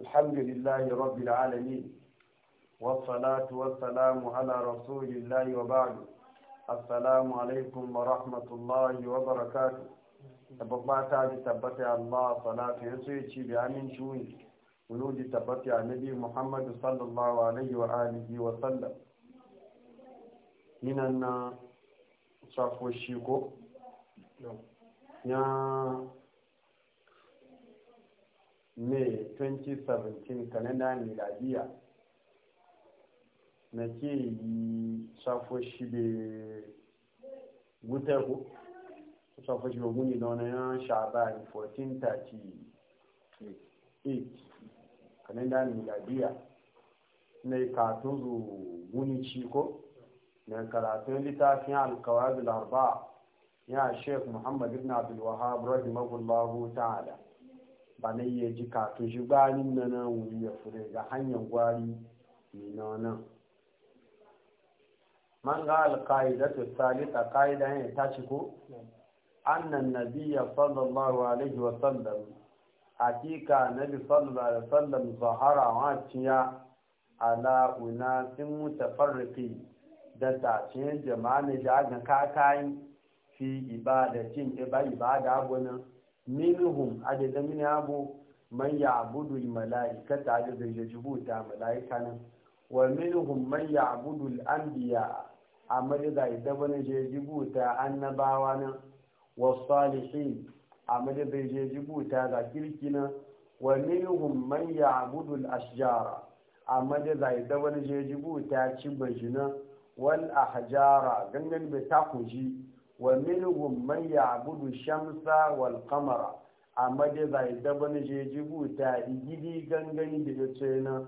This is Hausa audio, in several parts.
الحمد لله رب العالمين والصلاة والسلام على رسول الله وبعد السلام عليكم ورحمة الله وبركاته tabbata da tabbata Allah salatu ya so ya ci da aminci wuni wuludi tabbata annabi Muhammad sallallahu alaihi wa alihi wa sallam minan na safo shi ko ya may 2017 kalenda miladiya na ke yi safo shi da wuta safo shi da guni da wani yan sha'abani 1438 kalenda miladiya na katun zu guni ci ko na karatun littafin alkawar bilarba ya sheik muhammad ibn abdulwahab rahimahullahu ta'ala ba na iya ji katun shi gbanin na nan wuri ya fure ga hanyar gwari ne na nan man ga alƙa'idatu salita ƙa'ida ne ta ci ko annan nabiya sallallahu alaihi wa sallam hakika nabi sallallahu alaihi wa sallam zahara wa ciya ala unasin mutafarriqi da tashin jama'a ne da aka kakai fi ibadatin e ibada gwanin minhum da min abu man ya'budu da malaikata adada yajibuta mala'ika nan wa minhum man ya'budu al-anbiya amma da idan yajibuta annabawa nan wa salihin amma da ta ga kirki nan wa minhum man ya'budu al-ashjara amma da idan yajibuta cibajina wal ahjara gangan bai takuji wa minhum man ya'budu shamsa wal kamara a dai zai daba ne ta igidi gangani da ce na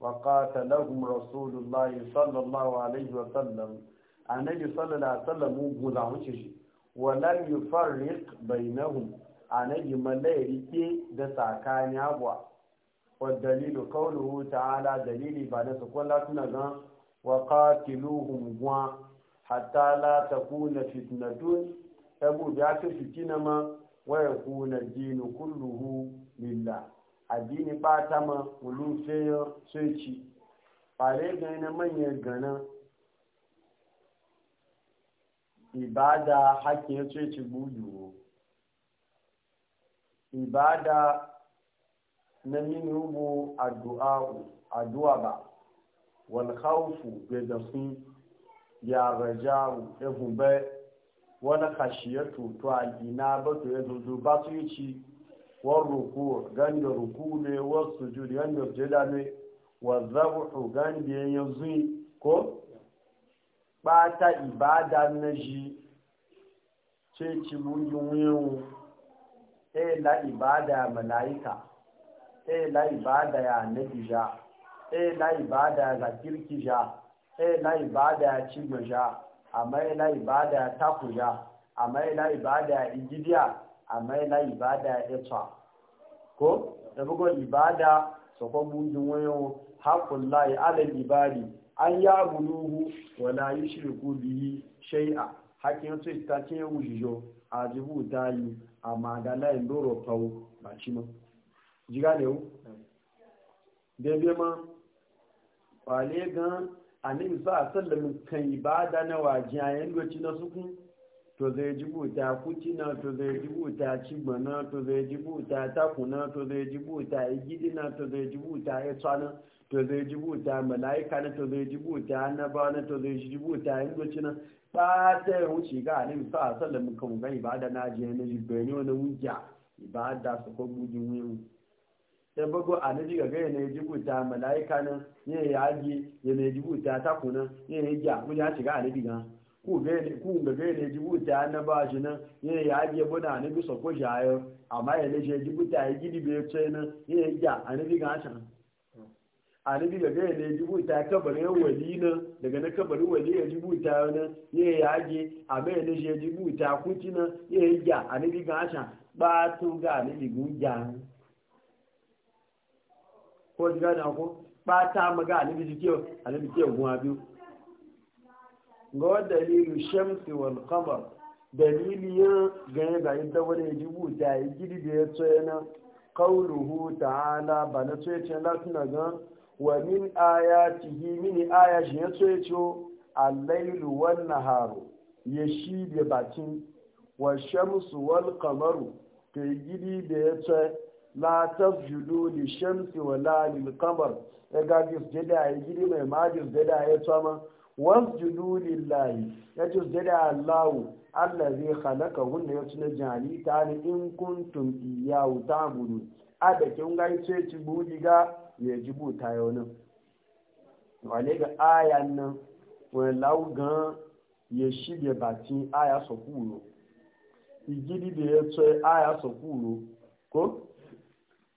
wa qatalahum rasulullah sallallahu alaihi wa sallam annabi sallallahu alaihi wa sallam mu za mu shi. wa lam A bainahum annabi malai da tsakani agwa wa dalilu qawluhu ta'ala dalili ba da su kullu tuna ga wa qatiluhum wa hatta la kuna fitnatun abu ya ta fitina ma wa kuna dini kulluhu lillah addini bata ma ulu feyo sai ci fare ga na manyan gana ibada hakkin sai ci buyu ibada na mini ubu addu'a addu'a ba wal khawfu bi ya rajawu ya gube wani kashiya to a gina ba to ya zuzu ba su yi ci War ruku ganda ruku ne wasu juli ganda jeda ne wa zabu ganda ya zuyi ko bata ibada na ji ce ci mujin wiyu e la ibada ya mala'ika e la ibada ya nabija e la ibada ya zakirkija ila ibada ya ci goja amma ila ibada ya takuja amma ila ibada ya igidiya amma ila ibada ya etwa ko da bugo ibada so ko munjin wayo haqullahi ala ibadi an yi ya buluhu wa la yushriku bihi shai'a hakin su ta ce wujijo ajibu dali amma ga lai ndoro pau ba ci mo jiga ne o mm. bebe ma wale gan annabi sa sallam kan ibada na wajiyayen goci na suku to zai jibuta na to zai jibuta cigbana to zai jibuta takuna to zai jibuta igidina to zai jibuta etsana to zai jibuta mala'ika na to zai jibuta annaba na to zai jibuta yin goci na ba ta yi wuce ga annabi sa sallam kan ga ibada na jiyayen na ne na wujja ibada su ko gudun wuyan sai bago a na jiga ga yanayi jibuta mala'ika nan ya yi yaji yanayi jibuta taku nan ya yi ja wani ya shiga na nan ku ga ga yanayi jibuta na ba shi nan ya yi yaji buna a nabi sako shayo amma ya lashe jibuta ya gidi bai ce nan ya yi ja a nabi ga shan a nabi ga ga yanayi jibuta kabarin wali nan daga na kabarin wali ya jibuta nan ya yi yaji amma ya lashe jibuta kuti nan ya yi ja a nabi ga shan ba tun ga nabi gun ja ko ji gane ko ba ta maga alibi jike alibi ke guwa biyu ga wadda lilu shamsi wal qamar dalili ya gane ga yadda wani ya ji buta ya gidi da ya tsaye na kauluhu ta'ala ba na tsaye ce na tuna gan wa min yi mini aya shi ya tsaye ce allailu wannan naharu ya shi da bakin wa shamsu wal qamaru ta yi gidi da ya tsaye la tasjudu li shamsi wa ya ga jisjada ya gidi mai ma jisjada ya tsama wasjudu lillahi ya jisjada Allah Allah zai halaka wanda ya tuna jani ta ni in kuntum iyyahu ta'budu a da kin ga ce ci bujiga ya jibu ta yau nan wale ga ayan nan wani laugan ya shige bakin aya sokuro igidi da ya tsaye aya sokuro ko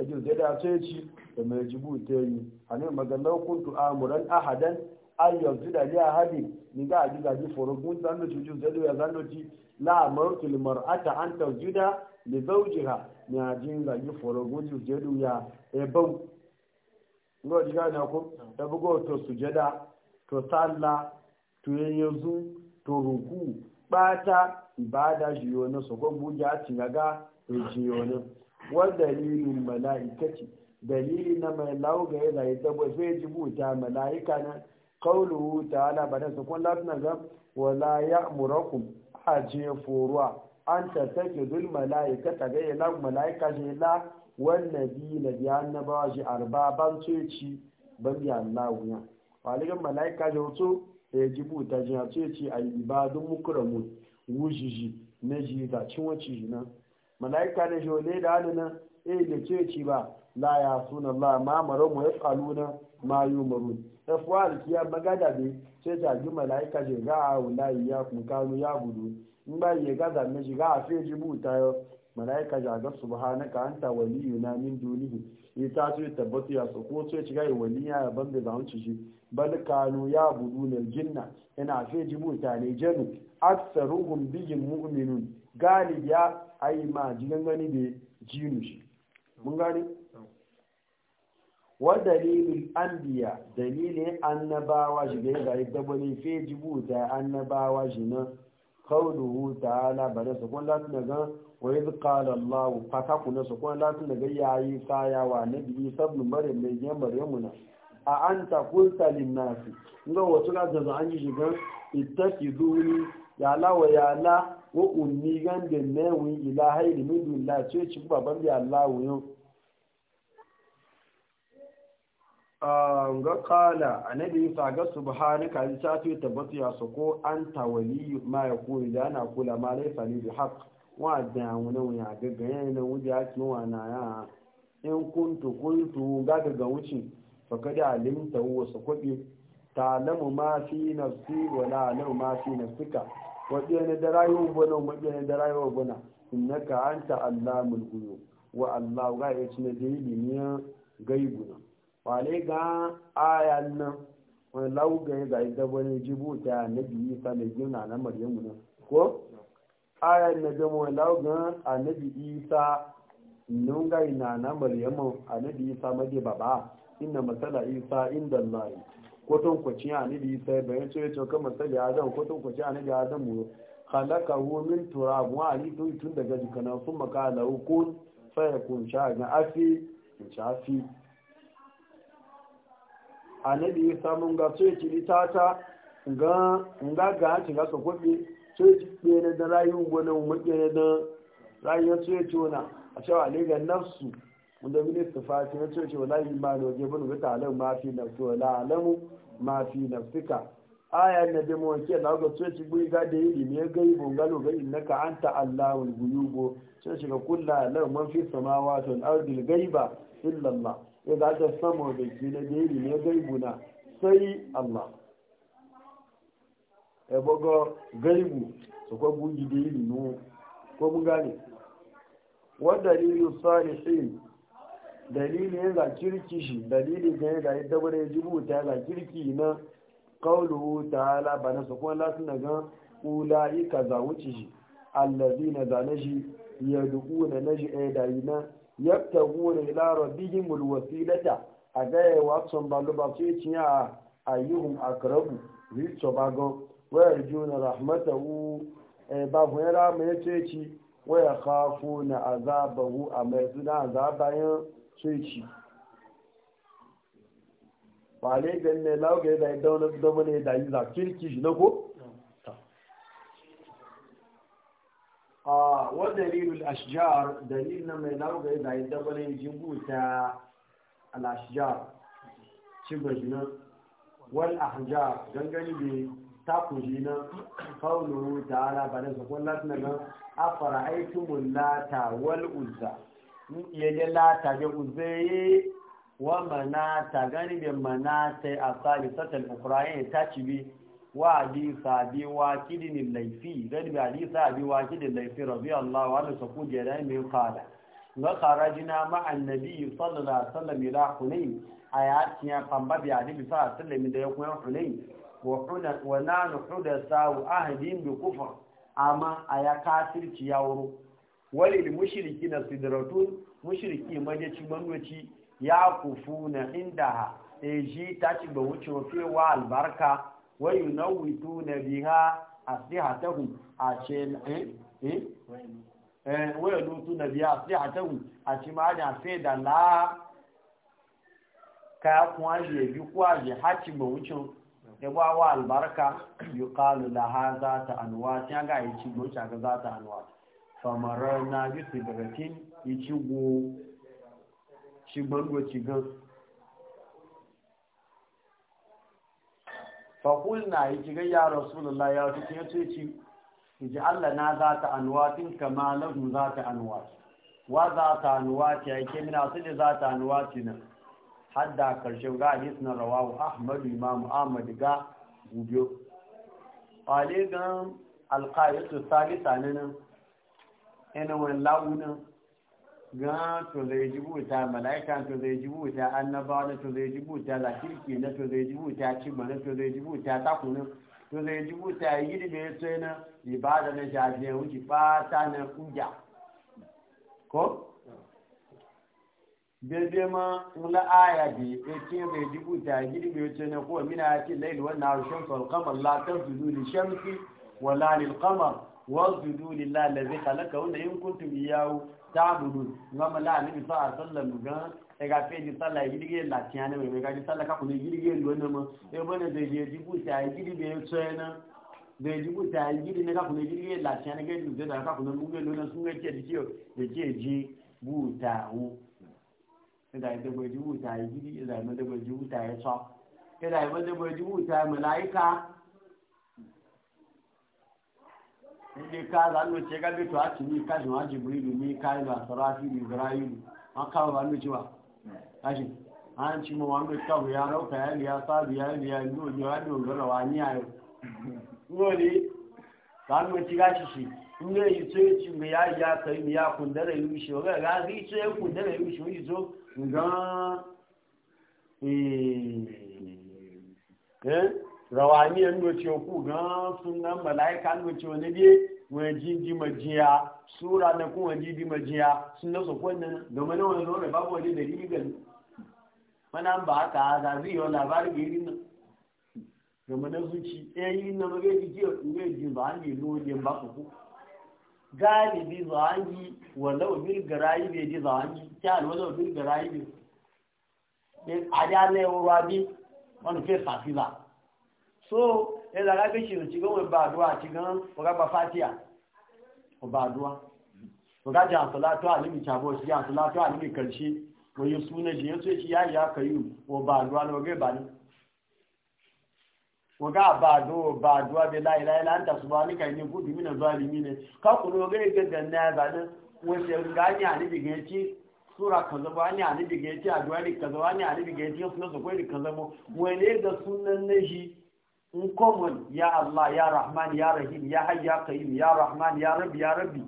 ajin zai da sai ci da mai jibu ta yi a ne maganar kuntu amuran ahadan an zida da a hadin ni ga aji gaji forogun zanu ci ju zai ya zanu ci la amartul mar'ata an tawjuda li zawjiha ni ji gaji forogun ju zai ya e bau ngo diga na ko da e bugo to sujada to salla to yanzu to ruku bata ibada jiyo na sokon buja tinga ga e jiyo na Wan dalilin mala'ikati dalili na mai lauga ya zai dabo sai ji buta mala'ika na kauluhu ta'ala ba da sukun lafina ga wala ya murakum a je foruwa an ta sake zul mala'ika ta ga ila mala'ika je la wannan bi na biya annabawa shi arba ban ceci ban biya Allah ya waligan mala'ika je wato ya ji buta je a ceci a ibadun mukramun wujiji na ji da cin wace na malaika ne jole da nan eh da ce ci ba la ya suna la ma maro mu ya na ma yu maru afwal kiya magada be ce ta ji malaika je ga wallahi ya kun ya gudu in ba ya ga da ne shi ga fe ji buta yo malaika ja ga subhanaka anta waliyuna min dunihi ta ce tabbatu ya so ko ce ci ga waliya ya banda da hunci shi bal kanu ya gudu ne jinna ina fe ji buta ne janu aktsaruhum bihim mu'minun galibi ya ai ma ji gangani da jinu shi mun gani wa dalilin anbiya dalilin annabawa shi da ya da fe jibu buta annabawa shi na kauluhu ta'ala bare su kun lati daga wa yi qala Allah fata kuna su kun lati daga yayi sayawa nabi isa maryam mai ya maryamu na a anta qulta lin nasi inga wasu da an yi shiga ittaqiduni ya la wa ya la wo unni gande da nawi ilaha ilimin duniya ce ci baban da Allah wuyo ga kala annabi isa ga subhanaka ta safi tabbata ya ko anta wali ma ya ko da na kula ma laysa bi bihaq wa da wani wuya ga ga yana wuya ake wana ya in kuntu kuntu ga ga wuci fa kada wo so ko bi lamu ma fi nafsi wa la alamu ma fi nafsika wajen da rayuwar gona wajen da rayuwar gona innaka anta allamul ghuyub wa allah ga ya ci na yi ne gaibu na wale ga ayan nan wani lauga ya zai da wani jibuta na biyu sa na gina na maryamu na? ko ayan na gamo lauga annabi isa nun ga a na maryamu annabi isa made baba inna masala isa inda allah kwaton a anibi sai bayan cewa cewa kan masali adam kwaton a anibi adam mu halaka hu min turab wa ali to tun daga jikana sun maka hu hukun fa yakun sha ga afi shafi a ya samu ga cewa ki ta ga ga ga ci ga so kwabe cewa ki na da rayuwar gwanin mu na da rayuwar cewa na a cewa ne ga nafsu wanda minista fati na cewa cewa layi ma da waje bin wata alam ma fi nafsi wa la alamu ma fi nafsika aya na da mu wake da ga cewa gui ga da yi ne ga yi bungalo ga innaka anta allahul guyubo cewa shiga kullu alam man fi samawati wal ardi gaiba illa allah ya ga ta samu da ki na da yi ne gaibu na sai allah e bogo gaibu su ko guyi da yi ne ko mun gane wa dalilu shi. dalili ya kirki shi dalili ga ya gayi dabar ya ji ta ga kirki na kaulu ta'ala ba na sakon lati na gan ula'i ka za wuce shi allazi na zane shi ya duku na na shi ɗaya eh, dayi na yabta gona ila rabbihim mulwasilata a gaya watson balu ba su yi cinya a ayyuhun akrabu rito bago waya juna rahmatahu eh, ba ku yana mai ce ci waya kafu na azabahu a mai suna azabayan sai ba ne gani ne lauga da idan wani zama ne da yi za kirki shi na ko? a wanda dalilul ashjar dalil na mai lauga da idan wani jibu ta al-ashjar cibba shi na wal ahjar gangani ne takuji na kaunu ta'ala ba da sakon latin na afara aikin mulata wal uzza la ta je uzaye wa mana ta gani da manata a salisatar ukrayin ta ci bi wa hadisa bi wa kidin laifi gani ali sa bi wa kidin laifi rabbi Allah wa da saku dai mai kada wa kharajna ma an nabi sallallahu alaihi wasallam ila hunain ayati ya pamba bi ali bi sallallahu alaihi da ya kuma hunain wa hunan wa nanu hudasa wa ahdin bi kufr amma aya kafirci ya wuro walil mushriki na sidratun mushriki majaci mamaci ya kufu na inda e ji ta ci ba wuce wa albarka wa yunawitu na biha aslihatahum a ce eh, eh eh wa yunawitu na biha a ci ma da fe da la ka kuma je bi kuwa je haci ba wuce ya ba wa albarka yuqalu la za ta anwa ta ga yi ci go ta ga za ta anwa famarar na bi daga ichi go ci bango ci gan fakul na yi ci gan ya rasulullah ya ya ce ci ji Allah na za ta anwatin kama lahu za ta anwati wa za ta anwati yake mina su ne za ta anwati nan hadda karshen ga hadis na rawahu ahmad imam ahmad ga gubiyo qale gan alqaitu salisa nan ina wani launin gan to zai ji buta mala'ika to zai ji buta annaba na to zai ji buta lakirki na to zai ji buta cimma na to zai ji buta takunan to zai ji buta yi da ya tsaye na ibada na shafiya wuce fata na kuja ko daidai ma la aya da ya ce bai ji buta gidi bai tsaye na ko mina ya ce lailu wannan harshen falkamar latar su zuri shamsi wala lil kamar wasjudu lillahi allazi khalaqa wa in kuntum iyyahu ta'budun ngama la ni sa sallam ga e ga pe di sala yi e dige la tiana me ga di sala ka ko ni e dige lo na ma e bona de je di bu sa yi e dige tsena de di bu sa yi dige ka ko ni dige la tiana ga di da ka ko ni mu lo na su ga ke di ke de ke ji bu ta hu e da de bu ji bu ta yi dige da ma de bu ji bu ta yi so e da ma de bu ji bu ta malaika inda ka zanu ce ga bitu a cini ka shi ma jibrilu ni ka yi lasarafi isra'ilu an kawo ba nuci ba kashi an ci ma wani kawo ya rauka ya liya sabu ya liya ndo ne wa dogara wa ni ayo ngoli zanu ci ga shi shi inda yi so yi ci mai ya yi ya kai mi ya kundara yi mishi wa ga ga yi so ya kundara yi mishi wani so ngan eh eh rawani ya yan doce ku gan sunan malaika an doce wani biye wani jiji majiya sura na kuma jiji majiya sun na sokon nan domin wani zo da babu wani dalili ga mana ba haka za zai yi labarin ga irin nan domin na zuci ɗaya yi na mabe jiki a ɗure jin ba an yi lojin ba ku galibi za an yi walau birgara yi bai ji za an yi kyal walau birgara yi bai eh, a da na yi wani fesa fila so ẹ̀lá arábẹ́ṣì òtí gbọ́n ìbàdúwà àti gan ọ̀gágbà fatia ọ̀bàdúwà ọ̀gájà àtọ́látọ́ àlébì tàbọ̀ sí àtọ́látọ́ àlébì kẹrìṣí wòye súnmọ́ jẹ́ tó ṣe yá ìyá kẹyù ọ̀bàdúwà lọ́gẹ́ ní ọgẹ́ ìgbẹ̀gbẹ̀ náà ìbàdí wọ́n ṣe ń a nibi gẹ̀ẹ́ tí àdúrà ní kaza a sunan na shi in common ya Allah ya Rahman ya Rahim ya Hayy ya Qayyim ya Rahman ya Rabbi ya Rabbi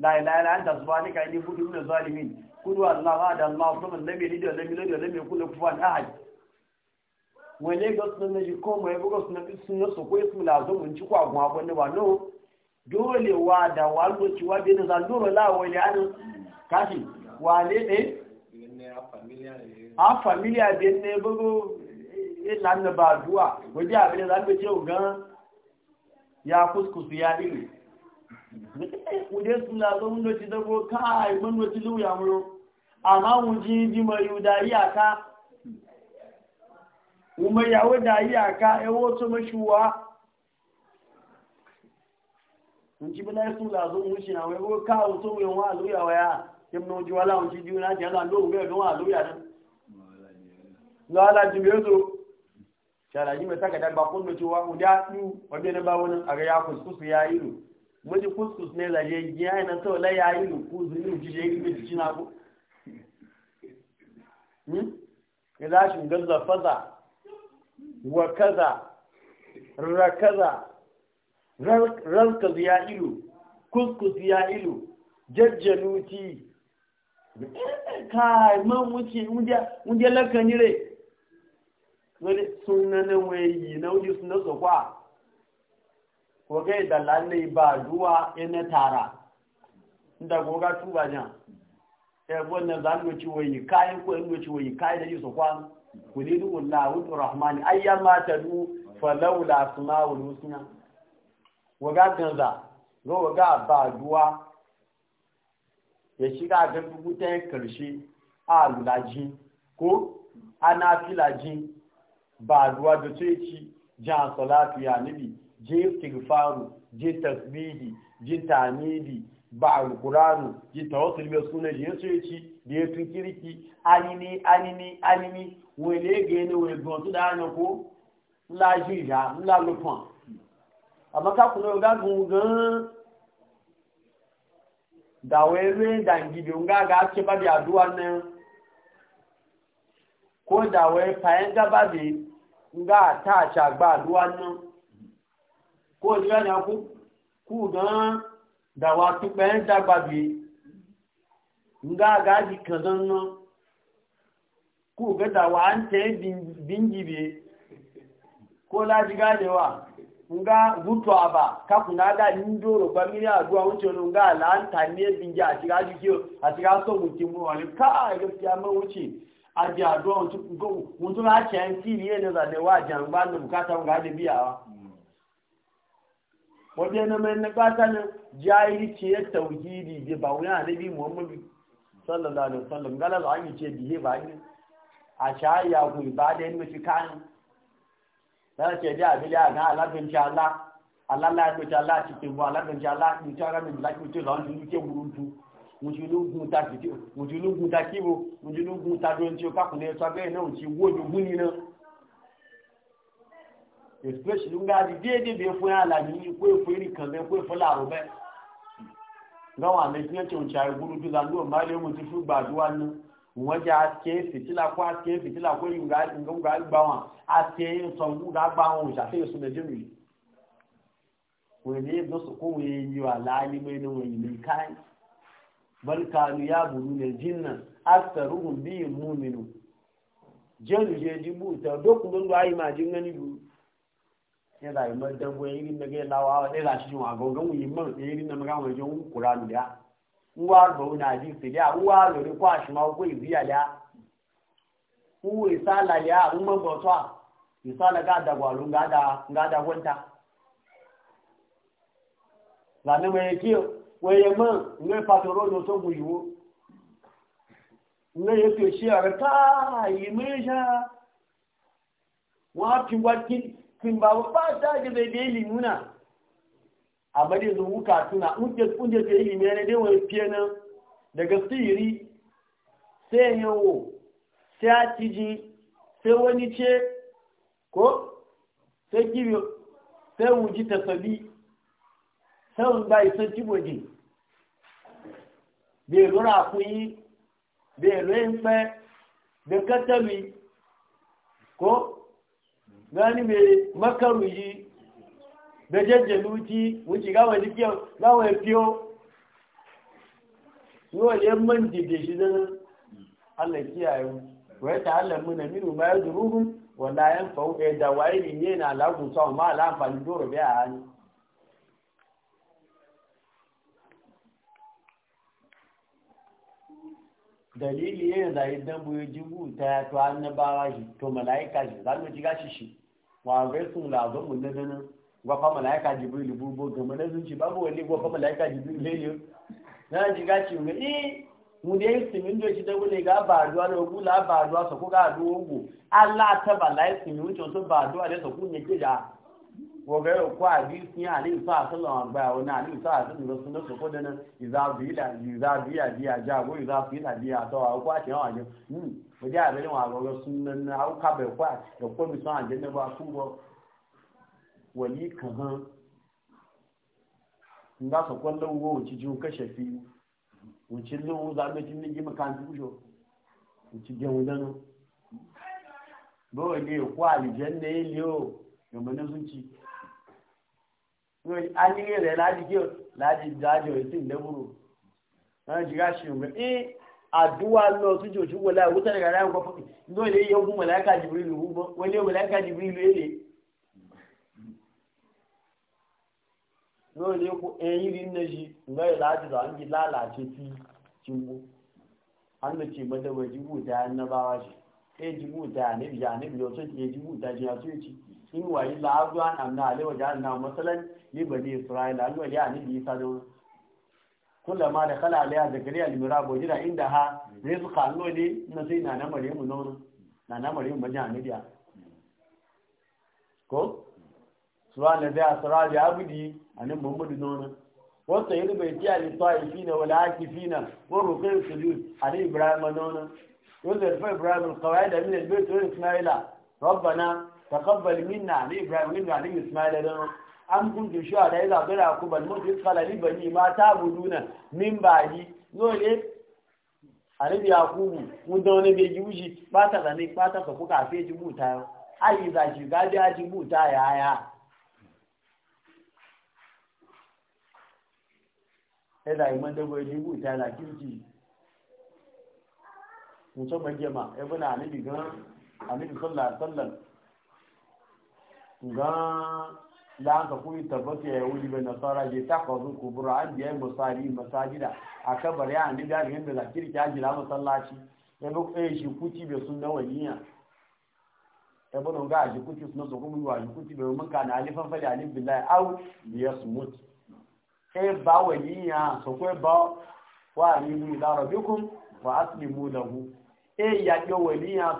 la ilaha illa anta subhanaka inni kuntu minaz zalimin kullu Allah wa da Allah kuma lam yalid wa lam yulad wa lam yakul lahu kufuwan ahad wale ga sunan ji ko ya buga sunan sunan su ko ismu lazum mun ci ko agun abun ba no dole wa da wallo ci wa bin zan dole la wale an kashi wale eh a familia bin ne bugu ìlànà bá àdúwà wèdí àbílẹ̀ lágbé ta ó gan ya kúskùsù ya ilẹ̀ kùdé súnlá tó ń lọ́tí dọ́gbó káà ìgbónú tí ló yà múrò àmá wùn jí dímọ̀ yóò darí àká wùmọ̀ ìyàwó darí àká ẹwọ́ tó mọ́ṣù wá ń jí bílẹ̀ súnlá tó ń ṣe àwọn ẹgbó káà ya sharaji mai saka dabba kullu cewa guda biyu wabe na bawunin a ga ya kuskus ya yi lu muji kuskus ne laje ya yi nan sau ya yi lu ku zuri ji je yi ji cina ku hmm? ya za shi gaza faza wa kaza rakaza rarkaz ya ilu kuskus ya yi ilu jajjanuti kai man wuce wunde lakani re wani sunanin wayi nauyi suna tsokwa ko kai da lalle ba duwa ina tara inda goga tuba jan ya eh, wannan za mu ci wayi kai ko in ci wayi kai da yusu kwan kulidu ullahu rahmani ayyama tadu laula asmaul husna waga ganza go waga ba duwa ya shiga ga dubutan karshe a lulaji ko ana filaji ba ruwa da sai ci jan salatu ya nabi je istighfaru je tasbihi je tamidi ba alquranu je tawassul bi sunna je sai ci da tun kirki anini anini anini wele ge ne wele gon to da na ko la jija la lo pon amma ka kuno ga gun gan da wele dangidi nga ga ce ba bi aduwa ne ko da wele fayan gaba bi nga ta ta gba ruwa nan ko ni gan da wa tu pe da nga kan nan ku ga da wa an te bin bi ko la ji ga de wa nga gutu aba ka kuna da ndoro ba mini adua wuce no nga la an ne a so e ma wuce aji ado wọn tún láti ẹ̀ ń tí ilé ẹ̀nà ìzàdẹ̀wà àjàǹgbá ní bukata wọn gáà débi àwa wọ́n bí ẹnu mẹ́rin nígbàtà ní jáìrí tí ẹ tàwùjí ìdí ìdí bá wọn yà níbi muhammadu sallallahu alaihi wasallam gálà lọ àyìn tiẹ̀ bìyẹ bá yín àṣà àyàwó ìbàdẹ́ ní ala kánú lọ́wọ́ tiẹ̀ dé àbílẹ̀ àgá alábẹ̀ntì alá alálàgbẹ̀ntì alá àti tèmú alábẹ̀ntì alá ní tí wọ́n rẹ̀ mi láti mùsùlùmùgùn ta fìdí mùsùlùmùgùn ta kíbo mùsùlùmùgùn ta dúró ní tí o kákùnrin ẹ̀tọ́ abẹ́rẹ́ náà ti wó lógún nínú. especially nga di déédéé bẹ́ẹ̀ fún yà lànà yìí kó èfó erì kan bẹ́ẹ̀ kó èfó làrọ̀ bẹ́ẹ̀. nga wọn àmì tiẹ̀ tó ń ṣe àìgbóni tó lànà lóun bá lé wọn ti fún gbàdúrà ní wọn jẹ àti fìtílà kó àti fìtílà kó ìgbà gbà wọn àti sọ̀ngúgà gbà wọn òṣàfihàn sùn bal kanu ya buru ne jinnan aktaruhum bihim mu'minu jenu je di buta dokun don ayi ma jin ngani du ya da ma dan bo yin da ge lawa da da shi wa gongon yi man yin na maga wa jin qur'an da uwa do na ji fi da uwa lo ni kwa shi ma ko yi ya da u isala ya umma bo to isala ga da gwalu ga da ga da wanta zanen mai kiyo wẹ̀yẹ̀ mọ́ ní pàtàkì ló tó mú ìwó ní èyí tó ṣe ààrẹ káàyè méjá wọ́n á fi wá kí kí n bá wọ́n bá dájú bèbè èlì múnà àbẹ́dẹ̀ tó wú kàtúnà oúnjẹ tó èlì mẹ́rin dé wọ́n fi ẹ̀nà daga sírí sẹ́yìn wò sí àtijì sí wọ́n ní ṣe kó sẹ́wọ̀n gba ìsọ tí wòdì bẹ́ẹ̀ lóra fún eje bẹ́ẹ̀ lóye ń fẹ́ bẹ́ẹ̀ kẹ́tẹ́ mi kó gani bẹ́ẹ̀ mọ́kàrù yìí bẹ́ẹ̀ jẹ́jẹ́ ló ti wọ́n ti gáwọ̀ ẹni píọ́ gáwọ̀ ẹ píọ́ yóò lé mọ́n dìde sí dáná alẹ́ kí àyè wẹ́ẹ́ ta alẹ́ mú nà nínú báyọ̀ dùrúrú wọ̀n láyé ń fọ́ ẹ̀dà wáyé nìyẹn dalili yana da yi dambu ya ji buta ya to annabawa shi to mala'ika shi za mu ji gashi shi wa ga sun lazon mu na nan gwafa mala'ika jibril bubo ga manazin shi babu wani gwafa mala'ika jibril lele na ji shi mu eh mu da yi simin da shi da wule ga baduwa da ba baduwa sa ko ga duwo Allah ta bala yi simin to ba baduwa da sa ku ne kija waga yau ko hadisi ya alim sa sallan ba wani alim sa sallan rasul na soko da nan iza bila iza biya biya jago iza fila biya to a ko a ce wa ne hmm ko da bare wa ga sunnan na au ka bai kwa da ko mi san janna ba ku ba wali kan nda so ko lawo wuci ju ka shafi wuci lawo za mu tin ni makan ku ne anílé rẹ̀ lájíjọ́ lájíjọ́ ètí ìlẹ́wòrò wọ́n jí ká ṣe òmìnir ní àdúwà lọ síjò ṣúgbọ́ láì wó tẹ́lẹ̀ rárá nǹkan fún ní olè yẹ ogun mọ̀láíkà jìbìrì lù wúgbọ́ wọ́n lé mọ̀láíkà jìbìrì lù èlé ní olè a ní ti mọ́tẹ́wọ̀ sun wayi la'azu an amna alaiwa jihar na matsalan libani isra'ila an wali a nabi isa da kula ma da kala alaiya da gari almira bojira inda ha ne su kano na sai na na maryamu nono na na maryamu majin anidiya ko suwa na zai asara da abudi a nan muhammadu nono wata yi rubai tiya ne tsawa fi na wala haki fi na wani rukai sujud a nan ibrahim nono wanda rufe ibrahim kawai da min albayt wani ismaila rabbana تقبل منا عن إبراهيم وعن إسماعيل an kuntu shi da ya zaɓi da ku balmu su kala libani ma ta budu nan min baji dole alibi ya kubu mun da wani bai giwuji ba ta zane ba ta kafu kafe ji buta yau ayi za shi gaji ya ji buta ya ya ya da yi mandagwai ji buta na kirki mutum bagema ya buna alibi gan alibi sallallahu alaihi wasallam ga da ka kuma tabbata ya wuli bai nasara je ta kwazo kubura an biya musali masajida a kabar ya ni gari yadda za kirki an jira masallaci ya ga tsaye shi kuti bai sun na waliya ya bada ga a jikuti suna su kuma yi wa bai mun kana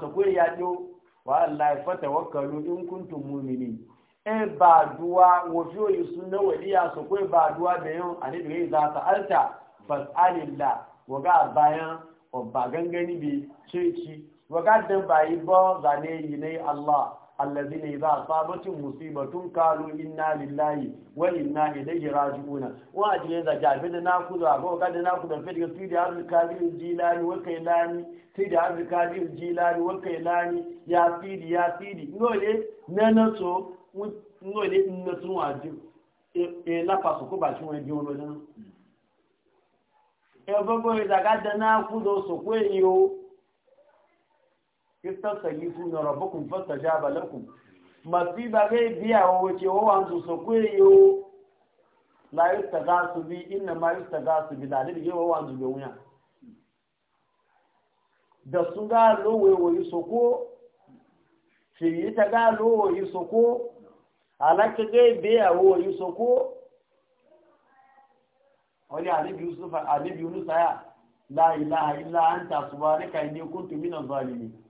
ba wallahi tawakkalu in kuntum mu'minin e ba duwa wofi yusu na waliya so ko ba duwa da yau ani da za ta alta fasalillah waga bayan o ba gangani bi sai ci ga dan bayi bo zane yi ne Allah allazi ne za a sabatin musibatun kalu inna lillahi wa inna ilaihi raji'una wa ji ne zaga abin da naku da ba ga da naku da fidiga sai da arzul kadir jilani wa kailani sai da arzul kadir jilani wa kailani ya fidi ya fidi ngole nana so ngole na so wa ji e na paso ko ba shi won ji won lo na e bo bo zaga da naku do so ko yi o istastaghifuna rabbakum fastajaba lakum masiba gai biya wa wace wa wanzu so kuyo la yustaghasu bi inna ma yustaghasu bi da dai wa wanzu be wuya da su ga lowe wa yi soko shi yi ta ga lowe yi soko alaka gai biya wa yi soko wani alibi yusuf alibi yunus aya la ilaha illa anta subhanaka inni kuntu minaz zalimin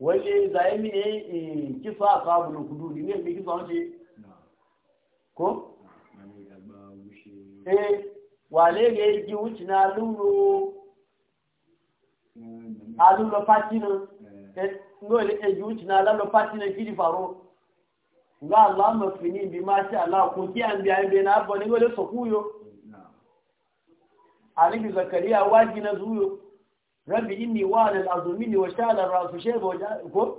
wani zaimi ne kisa a kabulin kudu ne mai kisa wace ko? eh wale ne yi wuce na lulu a lulu fati nan nole e yi na lalo patina kidi faro nga Allah fini bi ma sha Allah ko ki an biya be na abu ne sokuyo a nabi zakariya waji na zuyo rabbi inni wa'ana al'azumini wa sha'ala rasu shebo ko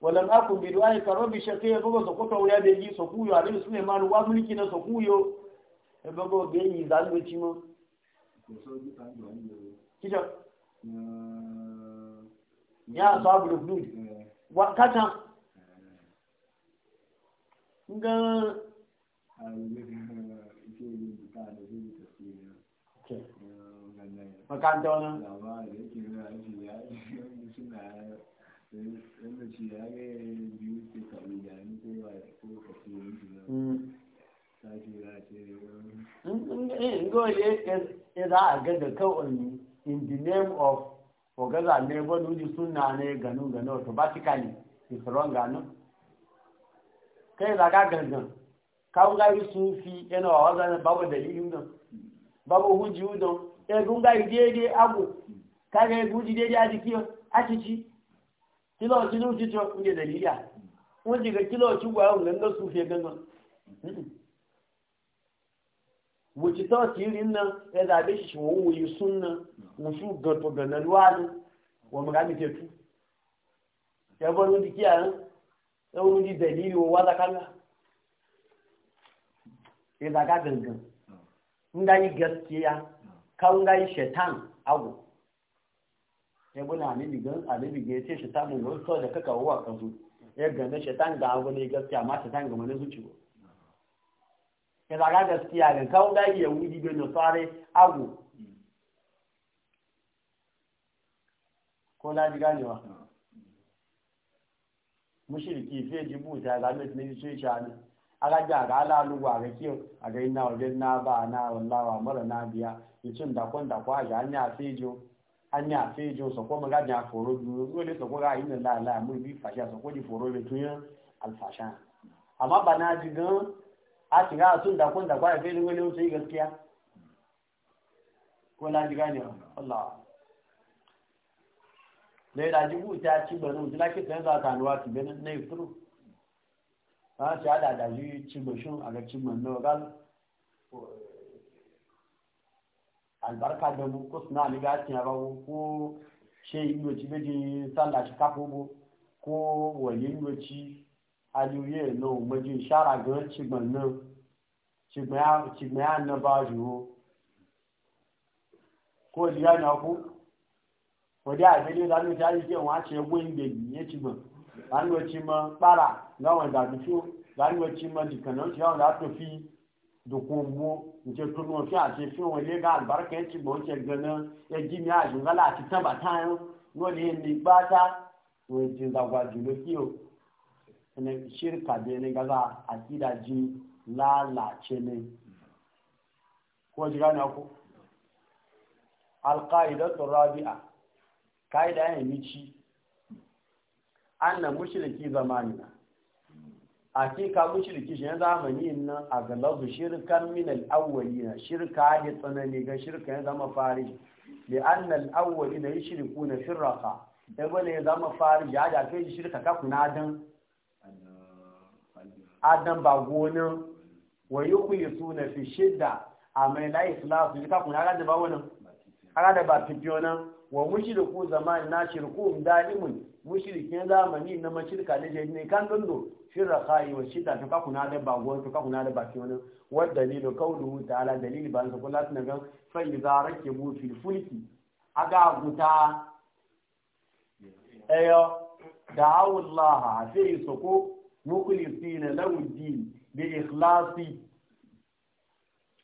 walam akun bi du'ai ka rabbi shaqiya bogo so kota uya beji so kuyo ali suleiman wa muliki na so kuyo e bogo beji zanu chimo ya sabu makaranta wani Ngole ya za a ga da kawai in the name of ogaza ne wani wuji suna na ganu ganu automatically is ganu. Kai ka gangan, kawun gari sun fi yana wa babu dalilin don, babu hujji egunga ga idede agu kaga egun idede ajiki achichi kilo ti nu ti jo nge dalilia won ji ga kilo ti wa su fe gangan wuci to ti rin nan e da shi wa ya bo ndị dalili wo kangai Shetan agu ya buna ne bigan alibi ga yace shaitan ne ko so da kaka wuwa ka ya gane shetan ga abu ne gaskiya ma shetan ga mana zuci ko ya zaga gaskiya ne kangai ya wudi ga no sare abu ko la ji ganewa mushriki fe jibuta ga ne sai shani aga ji aga ala alụgwọ aga kiyo aga ina wajen na ba na wallawa mara na biya ìtún dàpọ̀ dàpọ̀ àyà á ní àfẹ́jọ́ á ní àfẹ́jọ́ sọ̀kọ́ mọ́ gáàjì àfòró dúró ló lè sọ̀kọ́ gáà ìnà láàlá mú fasha ìfàṣà sọ̀kọ́ di fòró lè tún yán alfàṣà gan á ti gá àtún dàpọ̀ dàpọ̀ àyà fẹ́ lówó lówó tó yí gaskiya ko láti gá ni ọ̀la lẹ́yìn àjùbù tí a ti gbọ̀n náà ti láti fẹ́ sọ àtàlùwà ti bẹ́ náà ìfúró láti ci yìí a gbọ̀ṣún ci gbọ̀n náà albarka da mu, ko suna ni ga cin ba ko she iloci beji sallah shi kafin bu ko wani iloci aliyu no maji shara ga cigban nan cigban ya na ba ju ko liya na ku wadi a gani da nuna yi ke wa ce gwen da ya cigban da nuna ci ma kpara ga wanda da fito da nuna ci ma dikanan ci yawon da ta fi dukunmu nke tunu fi ase fi wọn ilé ga albarka ya ci gbọ oúnjẹ ganan ẹjí mi àjùngá láti tábà táyán wọn lè ní gbáta wọn ti dàgbà jùlọ kí o ẹni ṣírkà bí ẹni gaza àti ìdajì lálàáṣẹ ni wọn ti gánà kú alkaida turabi'a kaida yẹn ní ci an na mushriki zamanina hakika mushriki shi zamani na a galabu shirkan min al na shirka da tsanani ga shirka ya zama fari bi anna al-awwalina yushriku na raqa da bane ya zama fari ya da kai shirka ka kuna dan adam ba gonan wa yuqisuna fi shidda mai la ikhlasu ka kuna ga ba wannan ka da ba fitiona wa mushriku zaman na shirku dalimun mushrikin zamani na mashirka da jinni kan dundo sirra rasa'i wa shida to kaku da ba gon to kaku da baki wani wa dalilu qawluhu ta'ala dalilin ba su kula tana ga fa idza bu fil fulki ga guta ɗaya da ayo da'u Allah soko suku na lahu din bi ikhlasi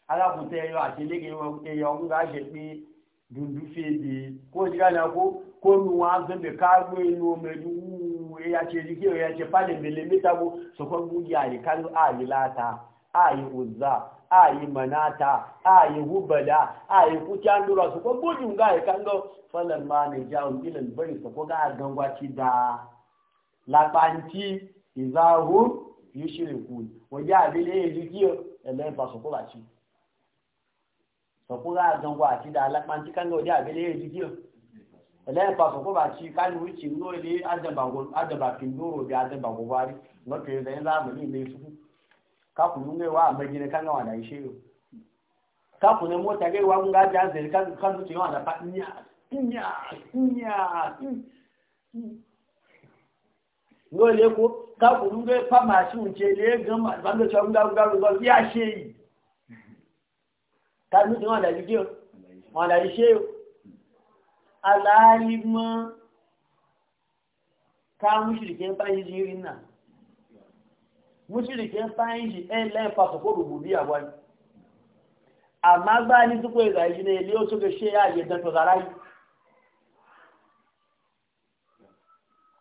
ga guta yo a tele ke yo nga je pe dundu fe bi ko jira na ko ko nuwa zan da ka gbe nu medu ya ce jike ya ce fadin milimita bu su kwan gugiya yi kanu a yi lata a yi uzza a yi manata a yi hubada a yi kuki an dura su kwan ga yi falon ma ne jawon ilin bari su ko ga gangwaci da izahu yi shirin kuli wajen abin yi gangwaci da wajen abin yi ẹlẹ́yìn pàṣẹ kó bá ti kánú ìtì ní òye adàbàkì lóró bí adàbàkò wá rí lọ́pẹ̀ ẹ̀rọ ẹ̀ ní ilé ìsúkú kákùnú ń wá àmẹ́jìnrín kánú àwọn àdáyéṣe rò kákùnú mọ́ta gẹ́gẹ́ wá ń gá já zẹ̀rí ti wọn àdàpá níyà níyà níyà ní òye kó kákùnú ń ṣe ilé alhali ma ka mushrikin fayin jirin nan mushrikin fayin shi ɗayan layin fasa ko rububi a wani amma ba ni suko ya zai ne liyo suka she ya yi da tozara yi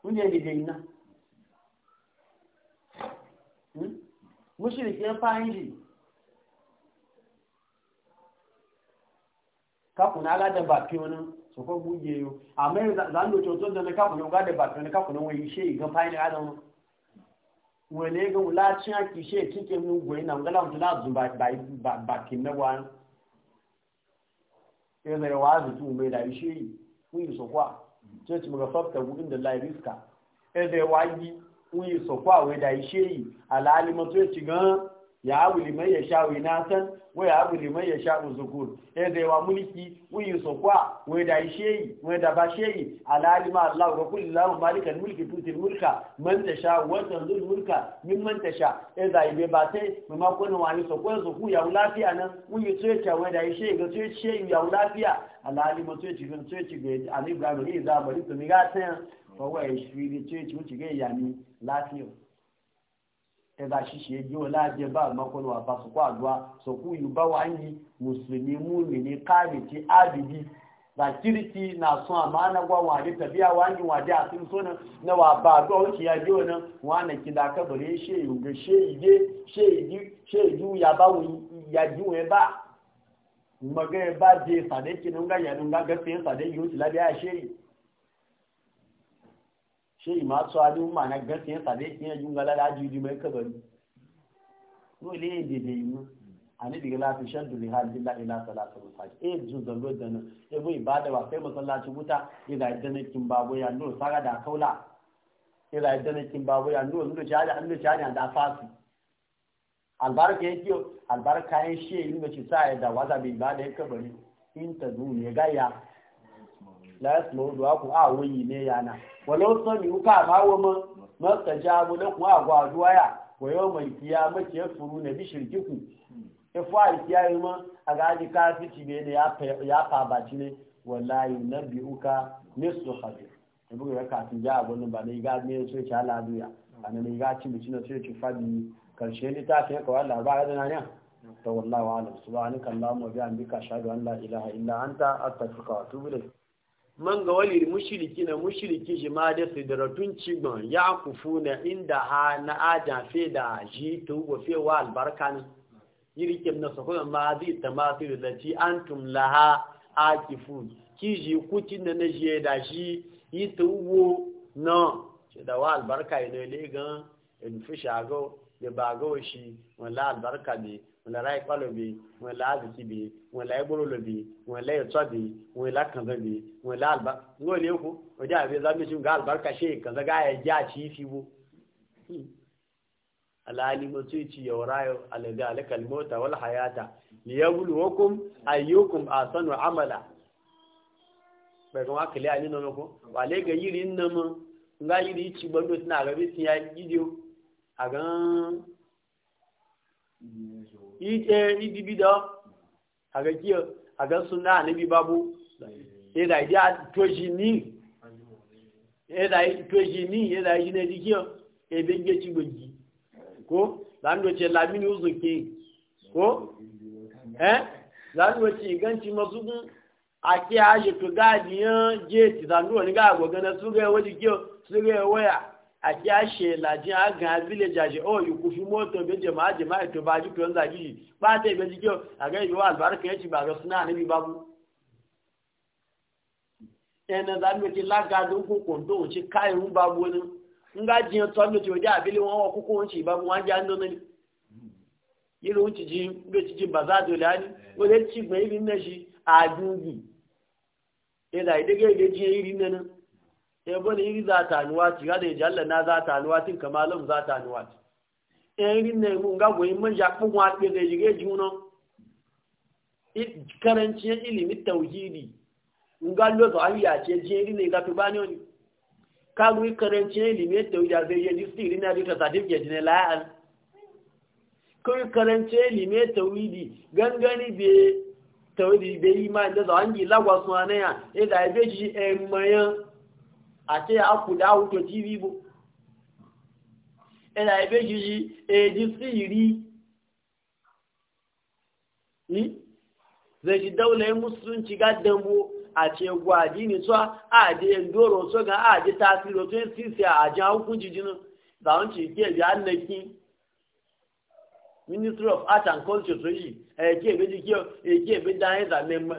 kunye ne da ina mushrikin fayin shi kakuna ala da ba fi wani so ko yau. yo amma zan do to da na kafu no gade ba na kafu no wai she ga fine adam wele ga wala cin aki she kike mun goyi na ngala mun la zuba ba ba kin na wan ya da wazi tu mai da shi ku yi so kwa ce ci muga fafta gu inda la riska ya zai waji ku yi so kwa wai da yi shi alalimatu ya ci gan ya abu liman ya sha wina san wai abu liman ya sha uzukur eh da yawa mulki wuyi so kwa wai da sheyi wai da ba sheyi alalima allah wa kullu lahu malikal mulki tutil mulka man sha wa zul mulka ta sha eh da ibe ba sai mu ma kun wani so kwa so ku ya lafiya nan wuyi so ya wai da sheyi ga so sheyi ya lafiya alalima so ya ci so ga ali ibrahim ne za bari to mi ga san fa wai shi ne ce ci mu ci ga lafiya ẹ̀dà ṣíṣe ẹjẹ́ ọlájẹ́ bá àmọ́kọ́nù àbásùkú àdúrà sọ̀kú ìlúbá wa ń yí mùsùlùmí múmi ní káàdì tí ábìbí làkìrìtì náà sún àmọ́ wọn àdé tàbí àwọn àyè wọn àdé àti náà wà bá àdúrà ó ti ẹjẹ́ ọ̀nà wọn àna kìlà akẹ́bọ̀rẹ́ ṣe ìwé ṣe ìdé ṣe ìdí ṣe ìdí yaba wọn yàjú bá mọ̀gẹ́ bá ṣe ìmáṣọ́ adéhùnmà náà gẹ́sì yẹn tàbí kí yẹn jùngà lára ajíjú mẹ́ kẹbẹ̀rú albarka yake albarka ya shi yin da ci sa ya da waza bai ba da ya kabari in ta ya gaya la yasmu du'a a wuyi ne yana walau sami wuka ma wama masta jamu na kuma agwa duwaya wa yau mai kiya mace ya furu na bishirkiku ya fara kiya yi ma a gaji kafici ne ne ya fabaci ne wallahi na biyu ka ne su hajji ya buga ya kafin ja abin ba na iga ne so ci ala duya a na iga ci bici na so ci fadi karshe ne ta fiye kawai labarai da na yan ta wallawa alam subhanaka allahumma bihamdika ashhadu an la ilaha illa anta astaghfiruka wa atubu ilayk man ga wali mushiriki na mushiriki shi ma da sidratun cigon ya kufu na inda ha na aja fe da ji ta hugo wa albarka ne na sakuna ma zai ta masu ci an tumlaha a kifu ki ji kucin da na je da shi yi ta hugo na da wa albarka ne legan in fi shago da ba shi wala albarka ne wọn lára ipá lọ bi wọn lá àdìsí bi wọn lá ẹgbọrọ bi wọn lá ẹtọ bi wọn lá kànzọ bi wọn lá àlùbá wọn lè kó ọjà àbí zambishi nga àlùbáríkà ṣe kànzọ gá ẹjẹ àti ìfi wo. alhali mutu ci yaurayo alladhi alakal mauta wala hayata liyabluwakum ayyukum ahsanu amala bai kuma akali ali nono ko wale ga yiri nan nga yiri ci bando a ga bi tiya gidiyo a gan ite ni dibida aga kiyo aga sunna nabi babu eda ida toji ni eda toji ni eda jine dikiyo ebe nge ti gboji ko lando che la mini uzuki ko eh lando che ganti mazugun ake aje to gadiyan je ti lando ni ga gogana suga waji kiyo suga waya àti àṣẹlàjì àgàn village àṣẹ ọ yòókù fi mọ́tò méje máa jẹ máa ètò bájú pé ó ń dàbí yìí pátá ìgbésí jẹ́ àgẹ́ ìlú àlùbáríkà ẹ̀ bàrọ̀ sí náà níbi bábú. ẹnì ìdánimọ̀ ti lágàdo kó kòńdó òun ti ká bábú ni ńgá jiyàn tọ́jú ti òjá àbílẹ̀ wọn wọ́n kókó òun ti ìbámu wọn já ń ni. ebe ne iri za ta nuwa ci ga da yaji Allah na za ta nuwa tin kamalum za ta nuwa ci e iri ne mun ga goyi man ja kun wa ke da yige juna. karanci ya ilimin tauhidi nga lo zo ayi ace je iri ne ga to ba ne oni ka gwi karanci ya ilimin tauhidi a zai yaji sirri na ta duka certificate ne la'an kai karanci ya ilimin tauhidi gangani be tauhidi be imani da zo an yi lagwasu ne ya e da ebe ji e mayan àti àkùdá àwùjọ tí wíbò ẹ̀nà ìbéjì yìí èdè sí ìrí ní zèjì dáúlẹ̀ mùsùlùmí ga dẹ̀mú àti egwu àdí nìtọ́ àdí ẹ̀ndọ́rọ̀ tó ga àdí tásílò tó ń sísẹ àjá òkun jìjìnà láwọn tí kí ẹ̀bí ánẹ́kí ministry of art and culture tó yìí ẹ̀kí ẹ̀bí dáyẹ̀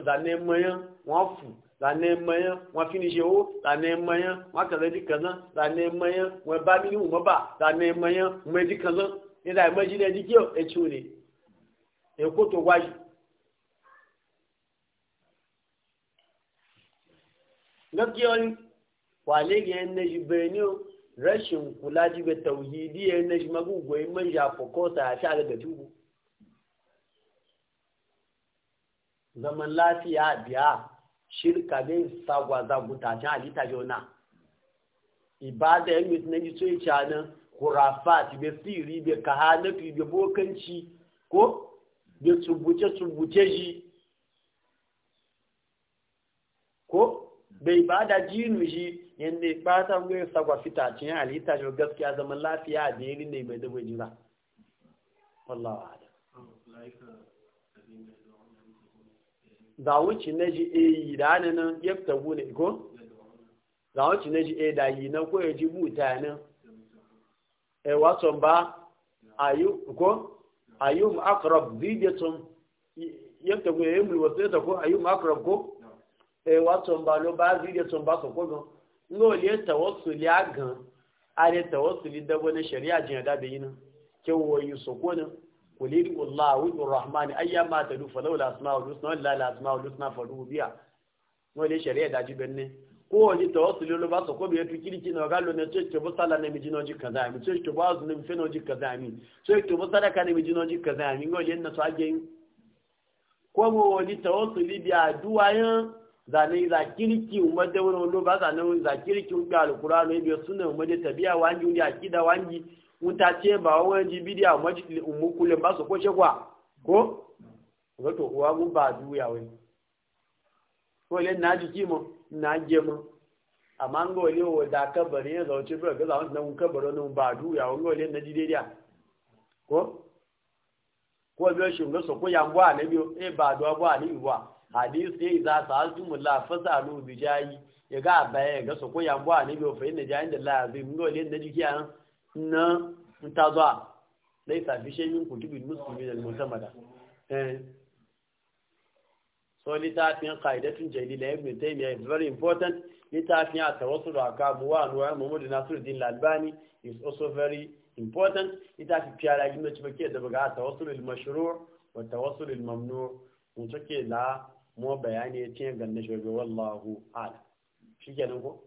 zàmẹ́mọ́yán wọ́n fún ranar mayan wọn fi ní ṣe owó mayan wọn kẹlẹ di kan náà ranar mayan wọn bá mi ní wọn bá ranar mayan wọn di kan náà nígbà ìmọ̀jì náà di kí ọ ẹtì èkó tó wáyé. lọ́kìọ́ ni wà lẹ́yìn ẹni ṣe bẹ̀rẹ̀ ní o rashin kula ji bai tauhidi ya na shi magugwai man shafakota ya sha daga tubu zaman lafiya biya shirka bai sagwa za gutacin halitta jona ibada yan mutu na jito ya canan kurafat be siri be kahanatu, be bokanci ko be tsubuce-tsubuce shi ko bai ibada jinu shi yadda ibata bai sagwa fitacin halitta jona gaskiya zaman lafiya da yiri ne mai dabo jira wallawa da za wuce na ji e yi da ana nan ya fita gune ko za wuce na ji e da yi na ko ya ji buta nan e eh, wasan ba ayu ko ayum akrab zidatun ya fita gune ya mulu wasu ta ko ayum akrab ko e wasan ba lo ba zidatun ba so ko gan ngo le tawassuli agan are tawassuli dabo na shari'a jin da bayin ke woyi yi ko nan قل ادعوا الله وادعوا الرحمن ايما تدعوا فلو الاسماء الحسنى ولا الاسماء الحسنى فادعوا بها wani shari'a da jibin ne kowane ta wasu ba su ko biyar tukirki na galo na ce ke busa na miji noji ka zami ce bazu na mife noji ka zami ce ke busa ka ne? miji noji ka zami ngoli yana su ko mu wani ta wasu libya duwayen zane za kirki umarda wani wani ba zane za kirki umarda alkura ne biyar suna umarda tabiya wangi wani akida wangi wuta ce ba wani ji bidiya ba su ko ko wato uwa gun ba duya wai ko le na kimo na je mo amma ngo o da kabari ya zauce ba ga zawon nan kabaro nan ba duya wai ngo le na ji ko a e ba do abu ali wa hadisi ya za sa su mulla fasalu bijayi ya ga na mtazwa laisa fi shay'in kutubil muslimin al-mutamada eh so litafin qaidatun jalila ibn taymiyyah is very important ta litafin atawassul akabu wa anwar muhammad nasiruddin al-albani is also very important litafin piyara gina ci bake da baga atawassul al-mashru' wa tawassul al-mamnu' mun take la mu bayani ya ce ganna shugaba wallahu a'lam shikenan ko